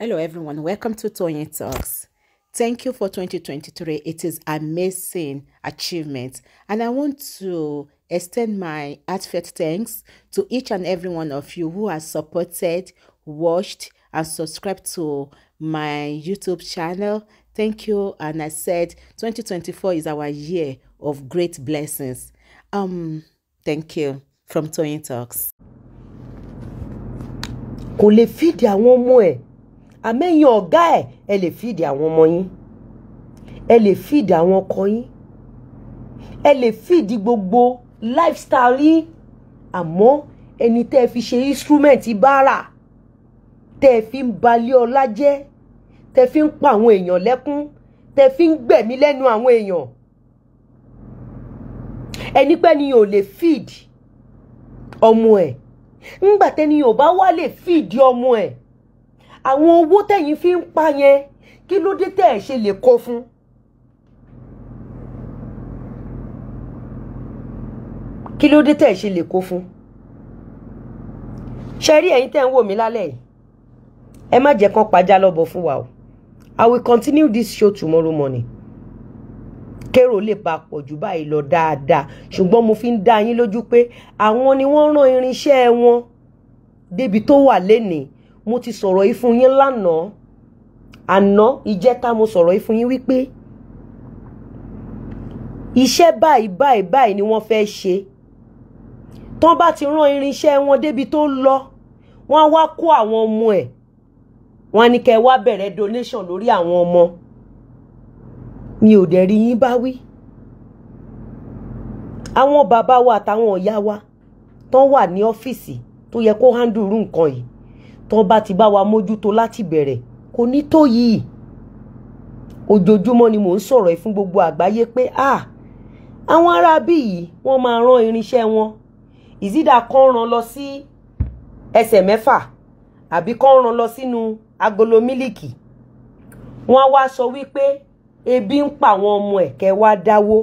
Hello everyone, welcome to Tony Talks. Thank you for 2023. It is amazing achievement and I want to extend my heartfelt thanks to each and every one of you who has supported, watched and subscribed to my YouTube channel. Thank you and I said 2024 is our year of great blessings. Um thank you from Tony Talks. àmẹ́yìn ọ̀gá ẹ̀ ẹ lè fìdí àwọn ọmọ yín ẹ lè fìdí àwọn ọkọ yín ẹ lè fìdí gbogbo lifestyle yín àmọ́ ẹni tẹ́ ẹ fi ṣe instrument bára tẹ́ ẹ fi ń balẹ̀ ọlá jẹ́ tẹ́ ẹ fi ń pa àwọn èèyàn lẹ́kún tẹ́ ẹ fi ń gbẹ̀mí lẹ́nu àwọn èèyàn ẹni pẹ́ ni yóò lè feed ọmọ ẹ̀ ńgbà tẹ́ni yóò bá wá lè feed ọmọ ẹ̀ àwọn owó tẹ̀yìn fi ń pa yẹn kí ló dé tẹ̀ ẹ̀ ṣe lè kó fún. kí ló dé tẹ̀ ẹ̀ ṣe lè kó fún. ṣe rí ẹ̀yin tẹ̀ ń wò mí lálẹ́ yìí ẹ má jẹ́ kán pajá lọ́bọ̀ fún wa o I will continue this show tomorrow morning kérò lè bá pọ̀ jù báyìí lọ dáadáa ṣùgbọ́n mo fi ń dá yín lójú pé àwọn ni wọ́n rán irinṣẹ́ wọn débi tó wà lénìí mo ti sọ̀rọ̀ yìí fún yín lánàá àná ìjẹta mo sọ̀rọ̀ yìí fún yín wípé iṣẹ́ báyìí báyìí báyìí ni wọ́n fẹ́ ṣe tán bá ti rán irinṣẹ́ wọn débi tó lọ wọ́n á wá kó àwọn ọmọ ẹ̀ wọ́n á ní kẹ́ ẹ wá bẹ̀rẹ̀ donation lórí àwọn ọmọ mi ò dẹ̀ rí yín bá wí àwọn bàbá wa àtàwọn ìyá wa tán wà ní ọ́fíìsì tó yẹ kó handle irú nǹkan yìí tó bá ti bá wa mójútó láti bẹ̀rẹ̀ kò ní tó yìí ojoojúmọ́ ni mò ń sọ̀rọ̀ ẹ̀ fún gbogbo àgbáyé pé ah àwọn ará bí yìí wọ́n máa rán irinṣẹ́ wọn ìzídà kan rán lọ sí ẹsẹ̀ mẹ́fà àbí kan rán lọ sínú agolo mílìkì wọ́n á wá sọ wípé ebi ń pa àwọn ọmọ ẹ̀ wá dáwó.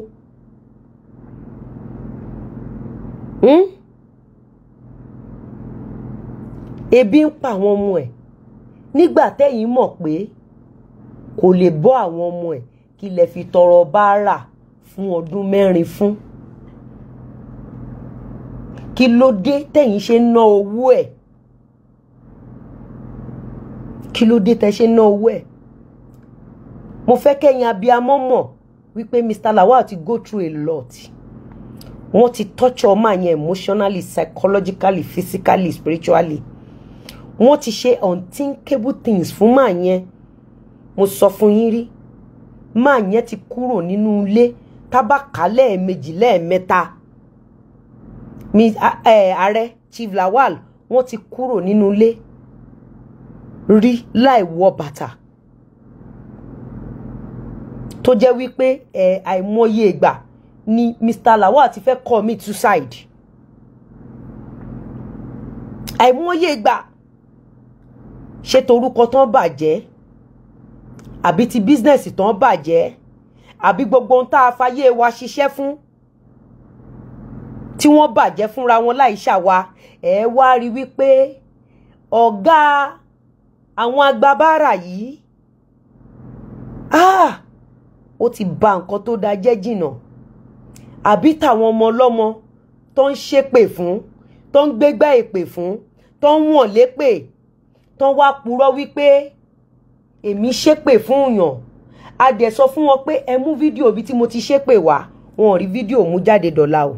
Hmm? ebi ń pa àwọn ọmọ ẹ̀ nígbà tẹ́yìn mọ̀ pé kò lè bọ́ àwọn ọmọ ẹ̀ kí lè fi tọrọ báárà fún ọdún mẹ́rin fún kí ló dé tẹ́yìn ṣe ná owó ẹ̀ kí ló dé tẹ́ ṣe ná owó ẹ̀ mo fẹ́ kẹ́yìn abiyamọ mọ̀ wípé Mr. Lawal ti go through a lot wọ́n ti tọ́jú ọmọ yẹn emotionally psychologically physically spiritually wọ́n ti ṣe unthinkable things fún màá yẹn mo sọ fún yín rí màá yẹn ti kúrò nínú ilé tábàkà lẹ́ẹ̀mejì lẹ́ẹ̀mẹ́ta ààrẹ Chief Lawal wọ́n ti kúrò nínú ilé rí láì wọ bàtà tó jẹ́ wípé ẹ̀ àìmọye ìgbà ni Mr Lawal ti fẹ́ commit suicide àìmọye ìgbà ṣé torúkọ tán bàjẹ́ àbí ti bísínẹ́sì tán bàjẹ́ àbí gbogbo ohun tá a fayé wa ṣiṣẹ́ fún tí wọ́n bàjẹ́ fúnra wọn láì ṣàwa ẹ̀ wá rí wípé ọ̀gá àwọn agbábára yìí ah ó ti ba nǹkan tó da jẹ́ jìnnà àbí tàwọn ọmọ ọlọ́mọ tó ń ṣépè fún tó ń gbégbá èpè fún tó ń wọ̀n lépè tán wá purọ́ wípé èmi ṣépè fún yàn a dẹ̀ sọ fún wọn pé ẹ mú fídíò bí tí mo ti ṣépè wá wọn ò rí fídíò mú jáde dọ̀la o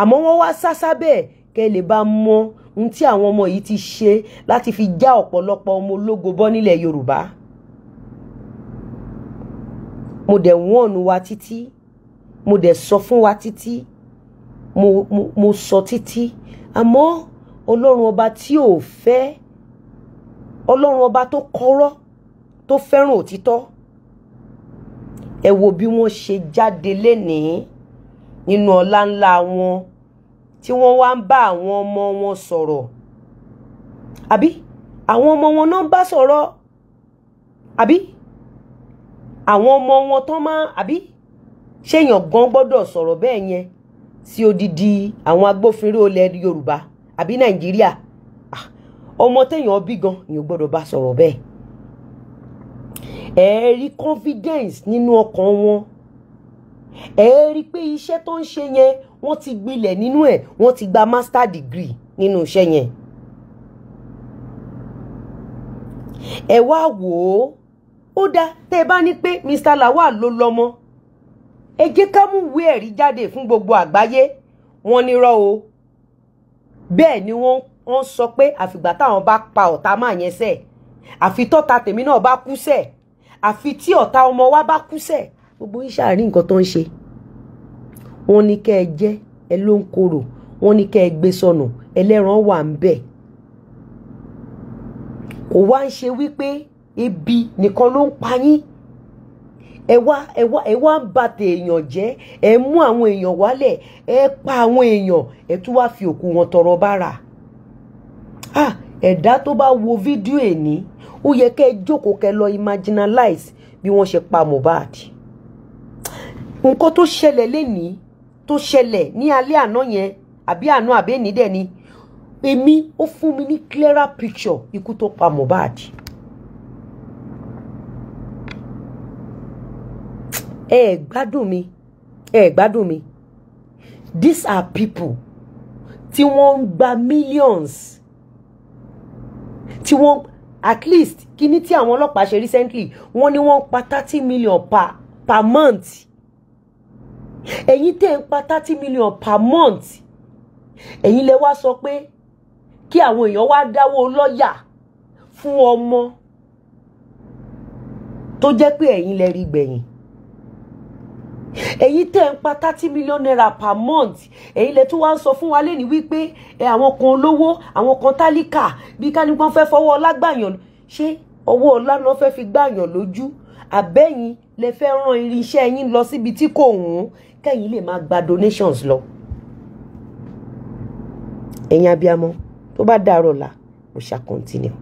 àmọ́ wọ́n wá sásá bẹ́ẹ̀ kẹ́ ẹ lè bá mọ ohun tí àwọn ọmọ yìí ti ṣe láti fi já ọ̀pọ̀lọpọ̀ ọmọ ológo bọ́ nílẹ̀ Yorùbá mo dẹ̀ wọ́ọ̀nù wa títí mo dẹ̀ sọ fún wa títí mo mo mo sọ títí àmọ́ ọlọ́run ọba tí ò fẹ́ ọlọ́run ọba tó kọ́rọ́ tó fẹ́ràn òtítọ́ ẹ wo bí wọ́n ṣe jáde lénìí nínú ọlá ńlá wọn tí wọ́n wá ń bá àwọn ọmọ wọn sọ̀rọ̀ àbí àwọn ọmọ wọn náà ń bá sọ̀rọ̀ àbí àwọn ọmọ wọn tán máa àbí ṣéèyàn gan gbọ́dọ̀ sọ̀rọ̀ bẹ́ẹ̀ yẹn sí odidi àwọn agbófinró ilẹ̀ Yorùbá àbí nàìjíríà ah, ọmọ téèyàn bí gan èèyàn gbọ́dọ̀ bá sọ̀rọ̀ bẹ́ẹ̀ ẹ rí confidence nínú ọkàn wọn ẹ rí pé iṣẹ́ tó ń ṣe yẹn wọ́n ti gbilẹ̀ nínú ẹ̀ wọ́n ti gba master degree nínú iṣẹ́ yẹn ẹ wá wò ó ó dá tẹ́ bá ní pé Mr Lawal ló lọ́mọ ẹ jẹ́ ká mú ìwé ẹ̀rí jáde fún gbogbo àgbáyé wọ́n nírọ́ o bẹ́ẹ̀ ni wọ́n sọ pé àfìgbà táwọn bá pa ọ̀tá máa yẹn sẹ̀ àfi tọ́ta tèmi náà bá kú sẹ̀ àfi tí ọ̀tá ọmọ wa bá kú sẹ̀ gbogbo yín ṣàárín nǹkan tó ń ṣe wọ́n ní kẹ́ ẹ jẹ ẹ ló ń korò wọ́n ní kẹ́ ẹ gbé sọnù ẹlẹ́ran wà ń bẹ̀ kò wá ń ṣe wípé ebi nìkan ló ń pa yín ẹ wá ẹ wá ẹ wá ń ba tèèyàn jẹ́ ẹ mú àwọn èèyàn wálẹ̀ ẹ pa àwọn èèyàn ẹ tún wá fi òkú wọn tọrọ bára ah ẹ̀dá tó bá wo fídíò èní ó yẹ kẹ́ ẹ jókòó kẹ́ lọ imaginalize bí wọ́n ṣe pa Mohbad nǹkan tó ṣẹlẹ̀ lénìí tó ṣẹlẹ̀ ní alẹ́ àná yẹn àbí àná àbẹ́ni èmi ó fún mi ní clearer picture ikú tó pa Mohbad. ẹ ẹ gbádùn mi ẹ ẹ gbádùn mi these are people tí wọ́n ń gba millions tí wọ́n at least kíní tí àwọn ọlọ́pàá ṣe recently wọ́n ní wọ́n pa thirty million per per month ẹ̀yin tẹ̀ ń pa thirty million per month ẹ̀yin lẹ wá sọ pé kí àwọn èèyàn wá dáwó lọ́yà fún ọmọ tó jẹ́ pé ẹ̀yin lẹ rí gbẹ̀yìn èyí tẹ̀ ń pa thirty million naira per month èyí lè tún wá ń sọ fún wa lẹ́ni wípé àwọn kan olówó àwọn kan tálíkà bí ká ní wọ́n fẹ́ fọwọ́ ọlá gbàyàn ṣé ọwọ́ ọlá náà fẹ́ fi gbàyàn lójú àbẹ́yìn lè fẹ́ rán irinṣẹ́ yín lọ síbi tí kò wọ́n kẹ́yìn lè máa gba donations lọ. ẹ̀yin abiyamọ tó bá dàrọ̀ la mo ṣá continue.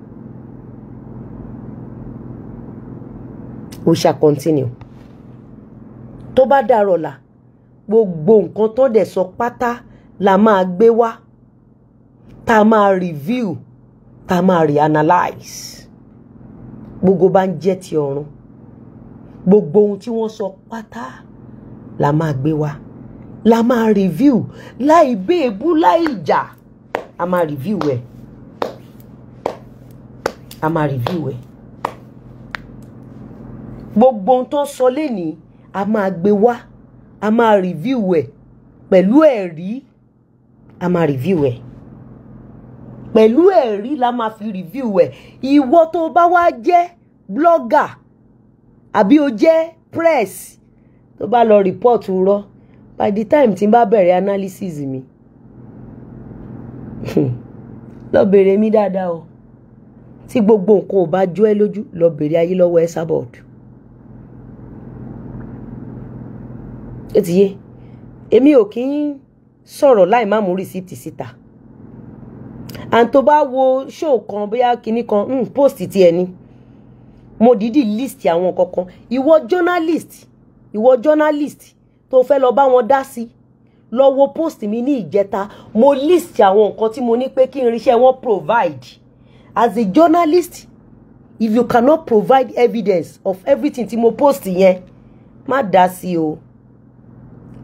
mo ṣá continue tó bá dàrọ̀ là gbogbo nǹkan tó dẹ̀ sọ pátá la máa gbé wá tá máa review tá a máa reanalyze gbogbo bá ń jẹ́ ti ọ̀run gbogbo ohun tí wọ́n sọ pátá la máa gbé wá la máa review láì béèbú láì ìjà a máa review ẹ̀ a máa review ẹ̀ gbogbo ohun tó sọ lénìí a máa gbé wá a máa review ẹ̀ pẹ̀lú ẹ̀rí a máa review ẹ̀ pẹ̀lú ẹ̀rí la máa fi review ẹ̀ ìwọ tó bá wá jẹ́ blogger àbí o jẹ́ press tó bá lọ report rọ by the time tí n bá bẹ̀rẹ̀ analysis mi lọ bèrè mi dáadáa o tí gbogbo nǹkan ò bá jó ẹ lójú lọ bèrè ayé lọ́wọ́ ẹ sábọ̀dù. ó ti yé èmi ò kí ń sọ̀rọ̀ láì má mú rìsíìtì and tó bá wo show kan bóyá kini kan mm, post ti ẹni mo didi list àwọn kankan ìwọ journalist ìwọ journalist tó fẹ́ lọ bá wọn dá sí Lo wo post mi ní ìjẹta mo list àwọn nǹkan tí mo ní pé kí irinṣẹ́ wọn provide as a journalist if you cannot provide evidence of everything tí mo post yẹn má dá sí o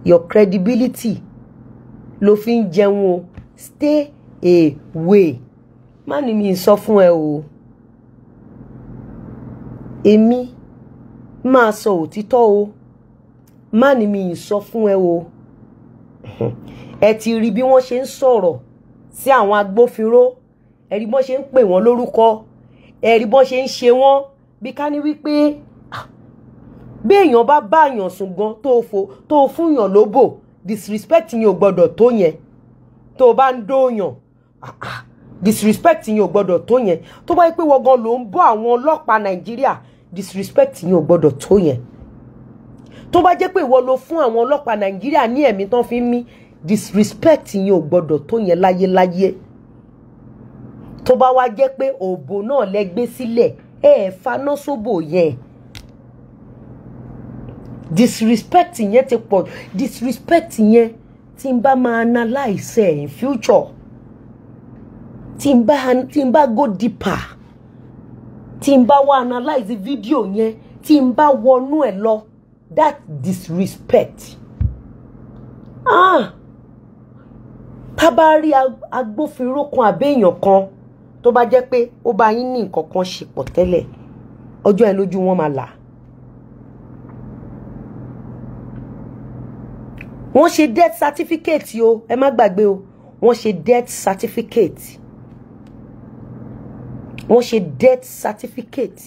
your credibility ló fi ń jẹun o stay away má ní mi sọ fún ẹ o èmi máa sọ òtítọ́ o má ní mi sọ fún ẹ o ẹ ti rí bí wọ́n ṣe ń sọ̀rọ̀ sí àwọn agbófinró ẹ bọ́n ṣe ń pè wọ́n lórúkọ ẹ bọ́n ṣe ń ṣe wọ́n bí ká ní wípé bí èèyàn bá bá èèyàn sùn gan tó fo tó fúnyàn lóbò disrespect yẹn ò gbọ́dọ̀ tó yẹn tó o bá ń dóòyàn disrespect yẹn ò gbọ́dọ̀ tó yẹn tó bá yẹ pé wọ́n gan ló ń bọ́ àwọn ọlọ́pàá nàìjíríà disrespect yẹn ò gbọ́dọ̀ tó yẹn tó bá jẹ́ pé ìwọ ló fún àwọn ọlọ́pàá nàìjíríà ní ẹ̀mí tán fi ń mí disrespect yẹn ò gbọ́dọ̀ tó yẹn láyéláyé tó bá wá jẹ́ pé òbò náà lẹ gbé ẹ faná sóbò yẹn disrespect yẹn ti pọ̀ disrespect yẹn tí n bá máa analyse in future tí n bá tí n bá go deeper tí n bá wá analyse fídíò yẹn tí n bá wọnú ẹ̀ lọ that disrespect ah tá bá rí agbófinró kan àbẹ́yàn kan tó bá jẹ́ pé ó bá yín ní nǹkan kan ṣe pọ̀ tẹ́lẹ̀ ọjọ́ ẹ lójú wọn máa là wọ́n ṣe death certificate o ẹ má gbàgbé o wọ́n ṣe death certificate wọ́n ṣe death certificate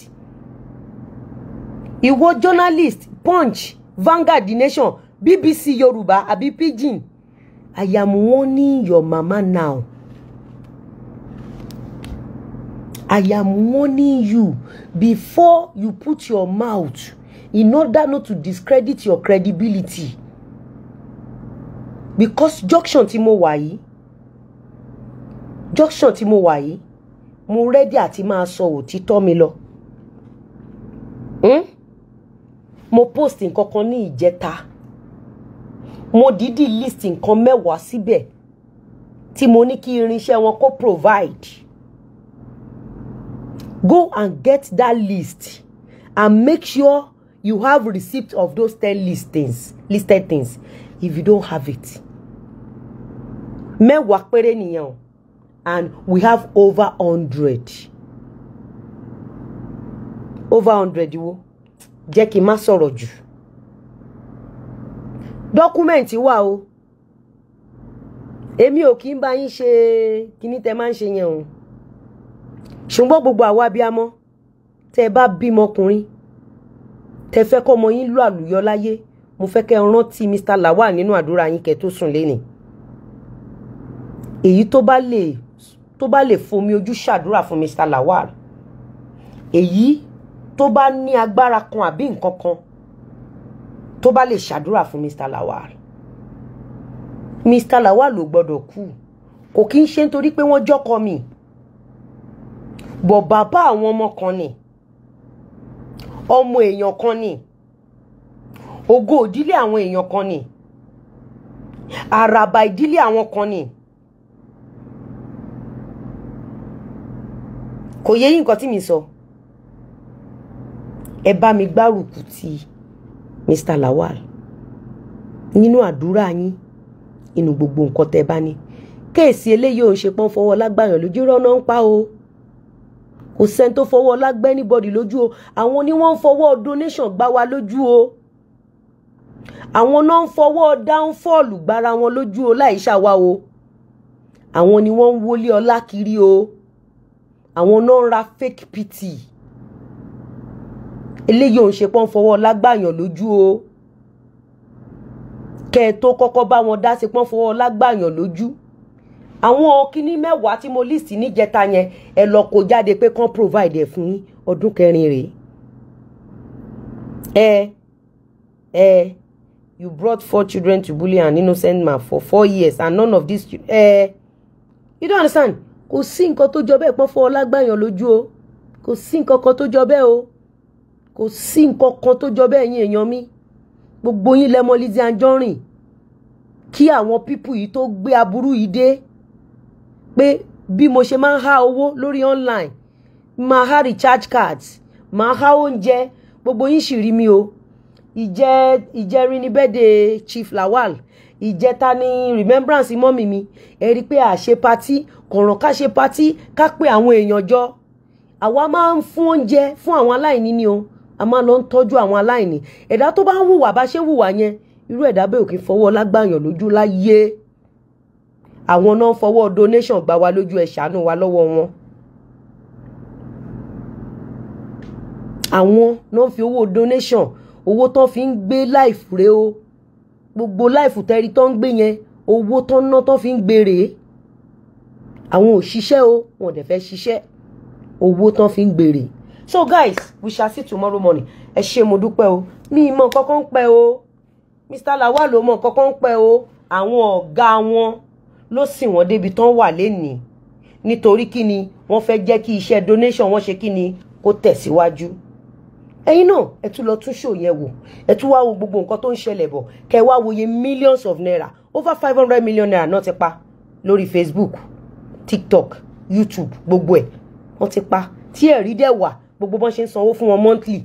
ìwọ journalist punch Vanguard The Nation BBC Yoruba, àbí pidgin I am warning your mama now I am warning you before you put your mouth in order not to discredit your credibility because junction tí mo wà yìí junction tí mo wà yìí mo ready ati máa sọ òtítọ́ mi lọ hmm? mo post nǹkan ni ní mo didi list nǹkan mẹ́wàá síbẹ̀ tí mo ní kí irinṣẹ́ wọn kó provide go and get that list and make sure you have receipt of those ten listings listed things if you don't have it mẹ́wàá péré nìyẹn o and we have over hundred over hundred wo jẹ́ kí n má sọ̀rọ̀ jù dọ́kúmẹ̀ntì wà o èmi ò kí ń bá yín ṣe kíní tẹ́ máa ń ṣe yẹn o ṣùgbọ́n gbogbo àwa abiyamọ tẹ́ bá bímọ ọkùnrin tẹ́ fẹ́ kọ́ ọmọ yín lọ àlùyọ láyé mo fẹ́ kẹ́ rántí Mr. Lawal nínú àdúrà yín kẹ́ tó sùn lénìí èyí tó bá lè tó bá lè fomi ojú ṣàdúrà fún Mr. Lawal èyí tó bá ní agbára kan àbí nǹkan kan tó bá lè ṣàdúrà fún Mr. Lawal Mr. Lawal ló gbọ́dọ̀ kú kò kí ń ṣe nítorí pé wọ́n jọ́kọ mi bọ̀ bàbá àwọn ọmọ kan ni ọmọ èèyàn kan ni ògo ìdílé àwọn èèyàn kan ni àràbà ìdílé àwọn kan ni. kò yẹ yín nǹkan tí mi sọ ẹ bá mi gbárùkù ti Mr. Lawal nínú àdúrà yín inú gbogbo nǹkan tẹ́ bá ní kéèsì eléyìí ò ń ṣe pọ́n fọwọ́ lágbàyàn lójú rọ́nà ń pa o kò sẹ́ni tó fọwọ́ lágbẹ́ anybody lójú o àwọn ni wọ́n ń fọwọ́ donation gbá wa lójú o àwọn náà ń fọwọ́ downfall gbára wọn lójú o láì ṣàwa o àwọn ni wọ́n ń wọlé ọlá kiri o àwọn náà ń ra fake pt eléyìí ò ṣe pọ́n fọwọ́ lágbàyàn lójú o kẹ́ ẹ tó kọ́kọ́ bá wọn dá sí pọ́n fọwọ́ lágbàyàn lójú àwọn kinní mẹ́wàá tí mo list níjẹta yẹn ẹ lọ kó jáde pé kán provide ẹ̀ fún ọdún kẹrin rèé ẹ ẹ you brought four children to bully an innocent man for four years and none of these children eh you don't understand kò sí nǹkan tó jọ bẹ́ẹ̀ pọ́n fọwọ́ lágbàyàn lójú o kò sí nǹkan kan tó jọ bẹ́ẹ̀ o kò sí nǹkan kan tó jọ bẹ́ẹ̀ yín èèyàn mi gbogbo yín lẹ́mọ Lizzy Anjorin kí àwọn pípù yìí tó gbé aburú yìí dé pé bí mo ṣe máa ń há owó lórí online máa há recharge cards máa há oúnjẹ gbogbo yín sì rí mi o ìjẹ ìjẹrin ni birthday Chief Lawal ìjẹta ni remembrance mọ́mì mi ẹ rí i pé àṣe patí kọ̀ọ̀ràn ká ṣe patí ká pé àwọn èèyàn jọ àwa máa ń fún oúnjẹ fún àwọn aláìní ni o a máa lọ ń tọ́jú àwọn aláìní ẹ̀dá tó bá ń hùwà bá ṣe ń hùwà yẹn irú ẹ̀dá bẹ́ẹ̀ ò kì í fọwọ́ lágbàyàn lójú láyé àwọn náà fọwọ́ donation gbà wá lójú ẹ̀ ṣàánú wa lọ́wọ́ wọn. àwọn náà fi owó donation owó tán fi ń gbé láìfù rẹ o gbogbo láìfù tẹ́rí tán ń gbé yẹn owó tán ná tán fi ń gbé rèé àwọn ò ṣiṣẹ́ o wọn ò dẹ̀ fẹ́ ṣiṣẹ́ owó tán fi ń gbé rèé so guys we shall see tomorrow morning ẹ ṣe mo dúpẹ́ o mi ì mọ kankan pẹ́ o Mr Lawal ló mọ kankan pẹ́ o àwọn ọ̀gá wọn ló sìn wọ́n débi tán wà lénìí nítorí kí ni wọ́n fẹ́ jẹ́ kí iṣẹ́ donation wọ́n ṣe kí ni kó tẹ̀síwájú. Si ẹ̀yin náà ẹ tún lọ tún ṣò yẹn wò ẹ tún wá wo gbogbo nǹkan tó ń ṣẹlẹ̀ bọ̀ kẹ wá wo millions of naira over five hundred million naira náà ti pa lórí Facebook TikTok YouTube gbogbo ẹ̀ wọ́n ti pa tí ẹ̀rí dẹ̀ wà gbogbo bọ́n ṣe ń sanwó fún wọn monthly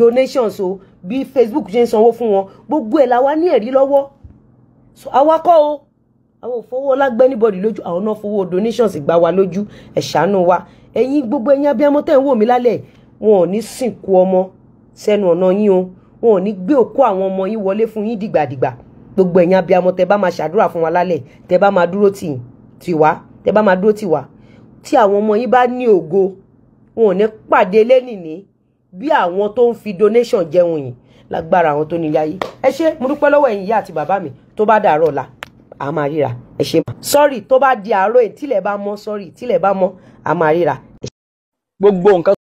donations o bí Facebook ṣe ń sanwó fún wọn gbogbo ẹ̀ la wá ní ẹ̀rí lọ́wọ́ so àwa kọ́ o àwọn òfowó ọlágbẹ́ anybody lójú àwọn náà fowó donations gbà wá lójú ẹ ṣàánú wa ẹ̀yin gbogbo ẹ̀yin abiyamọ tẹ̀ ń wò mí lálẹ́ wọn ò ní sìnkú ọmọ sẹ́nu ọ̀nà yín o wọn ò ní gbé òkú àwọn ọmọ yín wọlé fún yín dìgbàdìgbà gbogbo ẹ̀yin abiyamọ tẹ bá máa ṣàdúrà fún wa lálẹ́ tẹ bá máa dúró tì tiwa tẹ bá máa dúró tiwa tí àwọn ọmọ yín bá ní ògo wọn ò ní pàdé lẹ́nìní bí àwọn tó ń fi donation jẹun yìí lágbára àwọn tó nílé ayé ẹ ṣé mo dúpẹ́ lọ́wọ́ ẹ̀yin ìyá àti bàbá mi tó bá dàárọ̀ la a máa ríra ẹ ṣé ma sọ́ọ̀rì tó bá di àárọ̀ ẹ̀ tílẹ̀ bá mọ́ sọ́ọ̀rì tílẹ̀ bá mọ́ a máa ríra. gbogbo nǹkan